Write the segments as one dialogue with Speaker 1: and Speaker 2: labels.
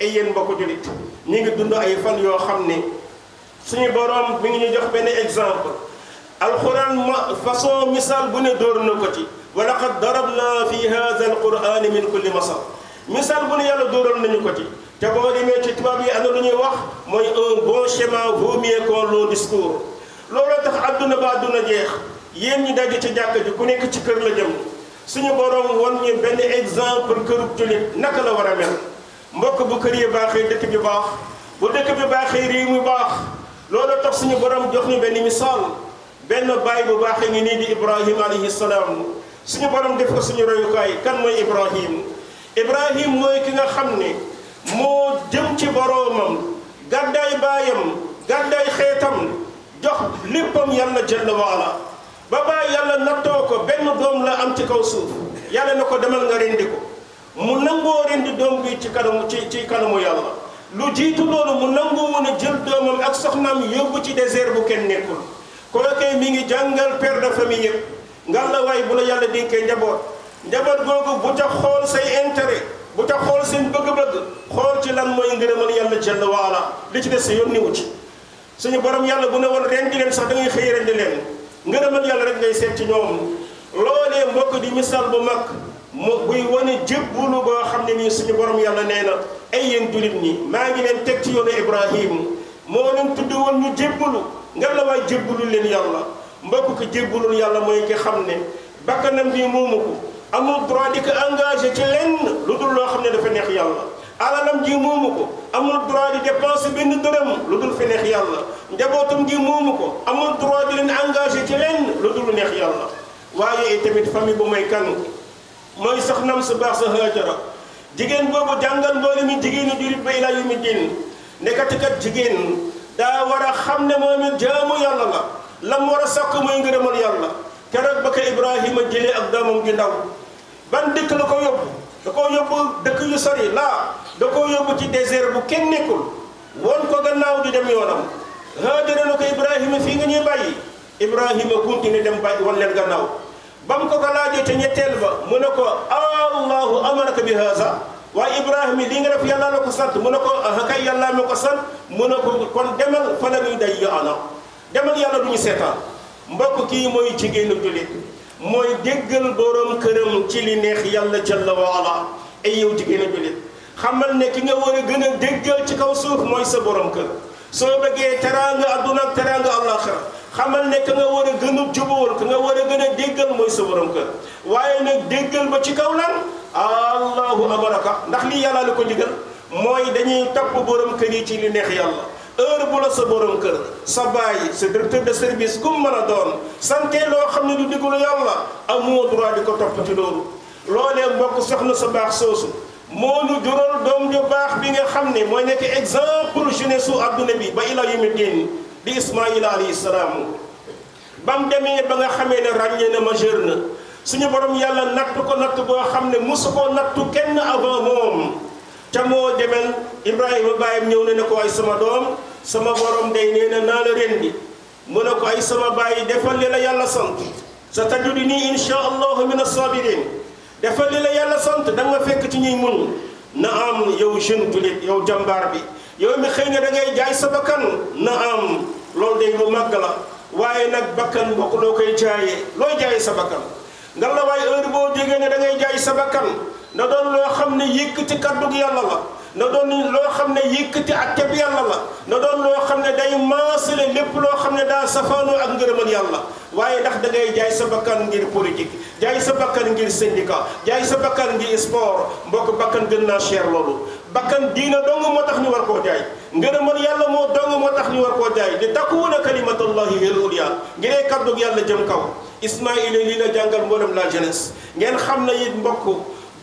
Speaker 1: ayen bako julit ñi ngi dund ay fan yo xamne suñu borom mi ngi ñu jox ben exemple alquran ma façon bu ne dóor na ko ci wa laqad darabna fi hadha alquran min kulli masal misal bu ne yàlla dóoral nañu ko ci te boo demee ci tubaab yi am lu ñuy wax moy un bon schéma vaut mieux qu'un discours lolo tax aduna ba aduna jeex yéen ñi dajju ci jakk ji ku nekk ci kër la jëm suñu borom won ñu ben exemple kërub julit naka la wara mel mbokk bu kër yi baaxee dëkk bi baax bu dëkk bi baaxee réew mu baax loolu tax suñu borom jox ñu benn misaal benn baay bu baaxee ngi nii di Ibrahim alayhi salaam suñu borom def ko suñu royukaay kan mooy Ibrahim Ibrahim mooy ki nga xam ne moo jëm ci boroomam gàddaay baayam gàddaay xeetam jox léppam yàlla jalla waala ba baay yàlla nattoo ko benn doom la am ci kaw suuf yàlla na ko demal nga rendi ko mu nangoo rendi doom bi ci kanamu ci ci kanamu yàlla lu jiitu loolu mu nangoo woon a jël doomam ak soxnaam yóbbu ci désert bu kenn nekkul kooku mi ngi jàngal père de famille yëpp ngal la waay bu la yàlla dénkee njaboot njaboot googu bu ca xool say intérêt bu ca xool seen bëgg-bëgg xool ci lan mooy ngërëmal yàlla jalla waala li ci des si yónni wu ci suñu borom yàlla bu ne woon rendi leen sax da ngay xëy rendi leen ngërëmal yàlla rek ngay seet ci ñoom loolee mbokk di misaal bu mag mu buy wane jébbalu boo xam ne nii suñu borom yàlla nee na ay yéen jullit nii maa ngi leen teg ci yoonu Ibrahim moo leen tudd woon ñu jébbalu nga la waay jébbalu leen yàlla mbokk ko jébbalul yàlla mooy ki xam ne bakkanam bi moomu ko amul droit di ko ci lenn loo xam ne dafa neex yàlla alalam ji moomu ko amul droit di dépenser benn dërëm lu dul fi neex yàlla njabootam ji moomu ko amul droit di leen engagé ci lenn lu dul neex yàlla waaye tamit famille bu may kanu mooy soxnam su baax sa Haajara jigéen boobu jàngal mboolem mi jigéenu jullit ba ilaa yu mi diin nekkati kat jigéen daa war a xam ne moom it jaamu yàlla la lam war a sakk mooy ngërëmal yàlla keroog ba ko Ibrahima jëlee ak doomam gi ndaw ban dëkk la ko yóbbu da ko yóbbu dëkk yu sori laa da koo yóbbu ci désert bu kenn nekkul woon ko gannaaw di dem yoonam Haajara na ko Ibrahima fii nga ñuy bàyyi Ibrahima continué dem bàyyi woon leen gannaaw. ba mu ko ko laajoo ca ñetteel ba mu ne ko allahu amaraka bi haza waaye ibrahima lii nga def yàlla la ko sant mu ne ko ah, kay yàlla ko sant mu ne ko kon demal fa la ñuy day yo demal yàlla du ñu seetaan mbokk kii mooy jigéenu jullit mooy déggal borom këram ci li neex yàlla jalla wa ala ay yow jigéenu jullit xamal ne ki nga war a gën a déggal ci kaw suuf mooy sa borom kër soo bëggee teraanga adduna ak teraanga àllaaxira xamal ne ka nga war a gën a jubóol ka nga war a gën a déggal mooy sa borom kër waaye nag déggal ba ci kaw lan allahu abaraka ndax lii yàlla la ko digal mooy dañuy topp borom kër yi ci li neex yàlla heure bu la sa borom kër sa baay sa directeur de service ku mën a doon sante loo xam ne du digalu yàlla amoo droit di ko topp ci loolu loolee mbokk soxna sa baax soosu moo nu jural doom ju baax bi nga xam ne mooy nekk exemple jeunesse su adduna bi ba ila yu mu di Ismaayil alayhi salaam ba mu demee ba nga xamee ne ràññee na ma majeur na suñu borom yàlla natt ko natt boo xam ne mosu koo nattu kenn avant moom ca moo demel Ibrahima baayam ñëw na ne ko ay sama doom sama borom day nee na naa la rendi mu ne ko ay sama baay defal li la yàlla sant sa tajudi nii insha allahu min as-sabirin defal li la yàlla sant da nga fekk ci ñuy mun na am yow jeune jullit yow jàmbaar bi. yow mi xëy na da ngay jaay sa bakkan na am loolu day lu màgg la waaye nag bakkan bokk loo koy jaayee looy jaayee sa bakkan nga la waaye heure boo déggee ne da ngay jaay sa bakkan na doon loo xam ne yëkkati kaddu gi yàlla la na doon loo xam ne yëkkati ak keb yàlla la na doon loo xam ne day maasale lépp loo xam ne daa safaanoo ak ngërëmal yàlla waaye ndax da ngay jaay sa bakkan ngir politique jaay sa bakkan ngir syndicat jaay sa bakkan ngir sport mbokk bakkan gën naa cher loolu bakkan diina dong moo tax ñu war koo jaay ngërëmal yàlla moo dong moo tax ñu war koo jaay di takkuwuna kalimatullahi hiya al-ulya ngiree kaddu yàlla jëm kaw Ismaïla lii la jàngal mboolem la jeunesse ngeen xam ne it mbokk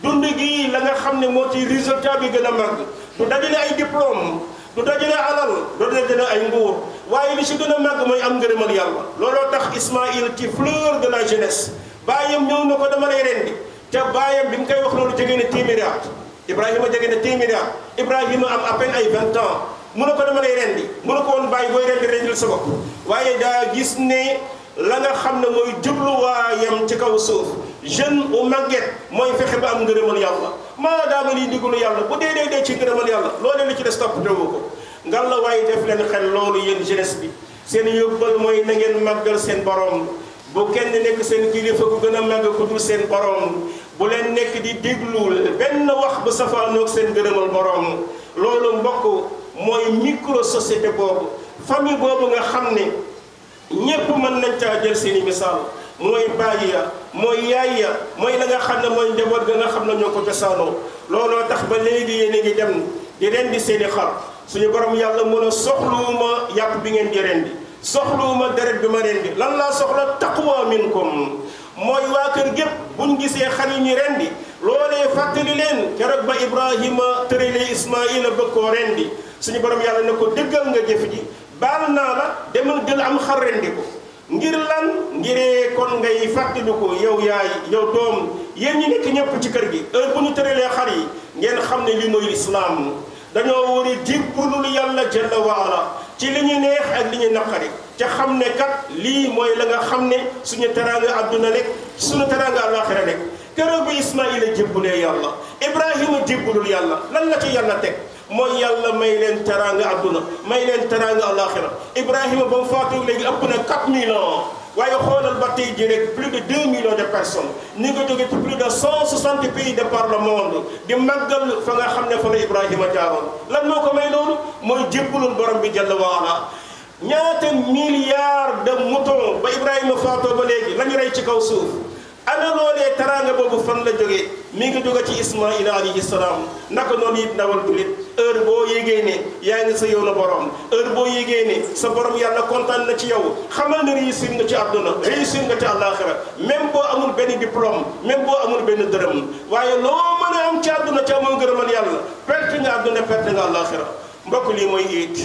Speaker 1: dund gi la nga xam ne moo ci résultat bi gën a mag du dajale ay diplôme du dajale alal du dajale ay nguur waaye li si gën a mag mooy am ngërëmal yàlla looloo tax Ismaïl ci fleur de la jeunesse bàyyam ñëw na ko dama lay rendi te bàyyam bi mu koy wax loolu jege na téeméeri at Ibrahima jege na téeméeri at Ibrahima am à peine ay vingt ans mu ne ko dama lay rendi mu ne ko woon bàyyi booy rendi rendil sa bopp waaye daa gis ne la xam ne mooy jubluwaayam ci kaw suuf jeune ou màgget mooy fexe ba am ngërëmal yàlla maa daama liy ndigalu yàlla bu dee dee dee ci ngërëmal yàlla loolee li ci des topp teewoo ko ngal la waaye def leen xel loolu yéen jeunesse bi seen yóbbal mooy na ngeen màggal seen borom bu kenn nekk seen kilifa ku gën a màgg ku dul seen borom bu leen nekk di déglu benn wax bu safaanoog seen ngërëmal borom loolu mbokk mooy micro société boobu famille boobu nga xam ne ñépp mën nañ caa jël seen i misaal mooy baay ya mooy yaay ya mooy la nga xam ne mooy njaboot ga nga xam na ñoo ko cosaanoo looloo tax ba léegi yéen a ngi dem di rendi seeni xar suñu borom yàlla mën a soxluwuma yàpp bi ngeen di rendi soxluwuma deret bi ma rendi lan laa soxla taqwa minkum mooy waa kër gépp buñ gisee xar yi ñu rendi loolee fàttali leen keroog ba Ibrahima tëralee a bëgg koo rendi suñu borom yàlla ne ko dëggal nga jëf ji baal naa la demal jël am xar rendi ko ngir lan ngiree kon ngay fàttaliku yow yaay yow doom yéen ñi nekk ñëpp ci kër gi heure bu ñu tëralee xar yi ngeen xam ne li mooy islaam dañoo war a jébbalul yàlla jalla waala ci li ñu neex ak li ñu naqari ca xam ne kat lii mooy la nga xam ne suñu teraanga adduna nekk suñu teraanga alaxira nekk keroog bi Ismaayila jébbalee yàlla Ibrahima jébbalul yàlla lan la ci yàlla teg. mooy yàlla may leen teraanga àdduna may leen teraanga alaxira Ibrahima ba mu faatu léegi ëpp na 4 millions waaye xoolal ba tey ji rek plus de 2 millions de personnes ni nga jóge plus de 160 pays de par le monde di màggal fa nga xam ne fa la Ibrahima jaaroon lan moo may loolu mooy jébbalul borom bi jalla waala ñaata milliards de moutons ba ibrahim faatoo ba léegi la ñu rey ci kaw suuf. ana loolee taraanga boobu fan la jógee mi ngi jóge ci Ismaïla alayhi salaam naka noonu it ndawal bulit heure boo yégee ne yaa ngi sa yoonu borom heure boo yégee ne sa borom yàlla kontaan na ci yow xamal ne réussir nga ci àdduna réussir nga ci àllaaxira même boo amul benn diplôme même boo amul benn dërëm waaye loo mën a am ci àdduna ci amoo ngërëmal yàlla perte nga àdduna perte nga àllaaxira mbokk lii mooy it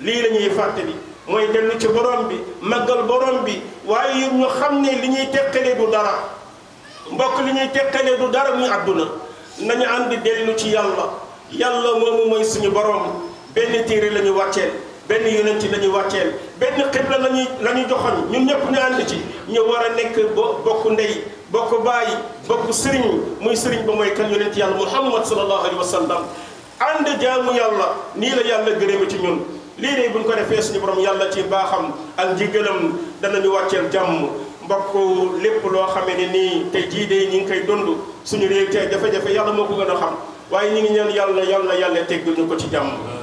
Speaker 1: lii la ñuy fàttali mooy dellu ci borom bi màggal borom bi waaye ñu xam ne li ñuy teqale du dara. mbokk li ñuy tekkale du dara muy àdduna nañu ànd dellu ci yàlla yàlla moomu mooy suñu borom benn téere la ñu wàcceel benn yonent ci lañuy wàcceel benn xibla la ñuy la ñu joxoñ ñëpp ñu ànd ci ñu war a nekk bo bokk ndey bokk bàyyi bokk sëriñ muy sëriñ ba mooy kan yonent yàlla muhammad sallallahu alayhi wa sallam ànd jaamu yàlla nii la yàlla gërëme ci ñun lii de buñ ko defee suñu borom yàlla ci baaxam ak dana ñu wàcceel jàmm bokk lépp loo xamee ne nii tey jii de ñu ngi koy dund suñu réew tey jafe-jafe yàlla moo ko gën a xam waaye ñu ngi ñaan yàlla yàlla yàlla teg ñu ko ci jàmm